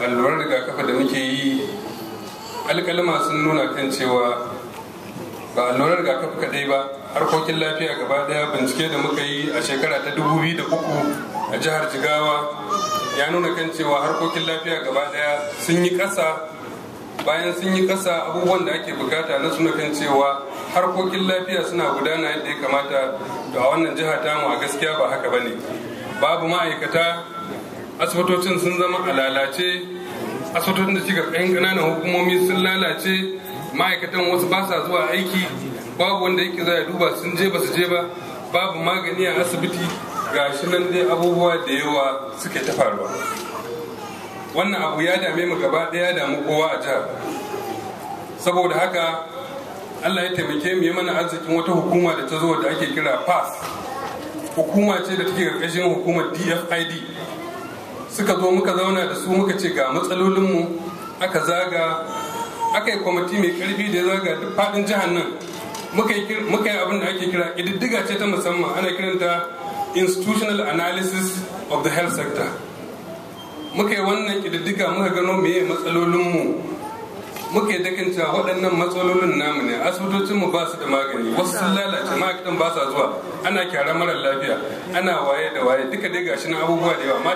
alluran rigakafi da muke yi alkalima sun nuna kan cewa ba alluran rigakafi kadai ba harkokin lafiya gaba daya bincike da muka yi a shekara ta 2003 a jihar jigawa ya nuna kan cewa harkokin lafiya gaba daya sun yi kasa bayan sun yi kasa abubuwan da ake bukata na suna kan cewa harkokin lafiya suna gudana yadda ya kamata da a wannan jiha tamu a gaskiya ba haka bane babu ma'aikata asibitocin sun zama a lalace asibitocin da shiga yan ƙananan hukumomi sun lalace ma'aikatan wasu ba sa zuwa aiki babu wanda yake za ya duba sun je ba su je ba babu magani a asibiti ga shi nan dai abubuwa da yawa suke ta faruwa wannan abu ya dame mu gaba ɗaya damu kowa a jihar saboda haka allah ya taimake mu yi mana arzikin wata hukuma da ta zo da ake kira pass hukuma ce da take ƙarƙashin hukumar dfid suka zo muka zauna da su muka ce ga matsalolinmu aka zaga aka yi kwamiti mai karfi da ya zaga duk faɗin jihar nan muka yi abin da ake kira ƙididdiga ce ta musamman ana kiranta institutional analysis of the health sector muka yi wannan ƙididdiga muka gano meye matsalolinmu muka yi dakinta waɗannan matsalolin namu ne asibitocinmu ba su da magani wasu sun lalace ma'aikatan ba sa zuwa ana kyara mara lafiya ana waye da waye duka dai gashi na abubuwa da yawa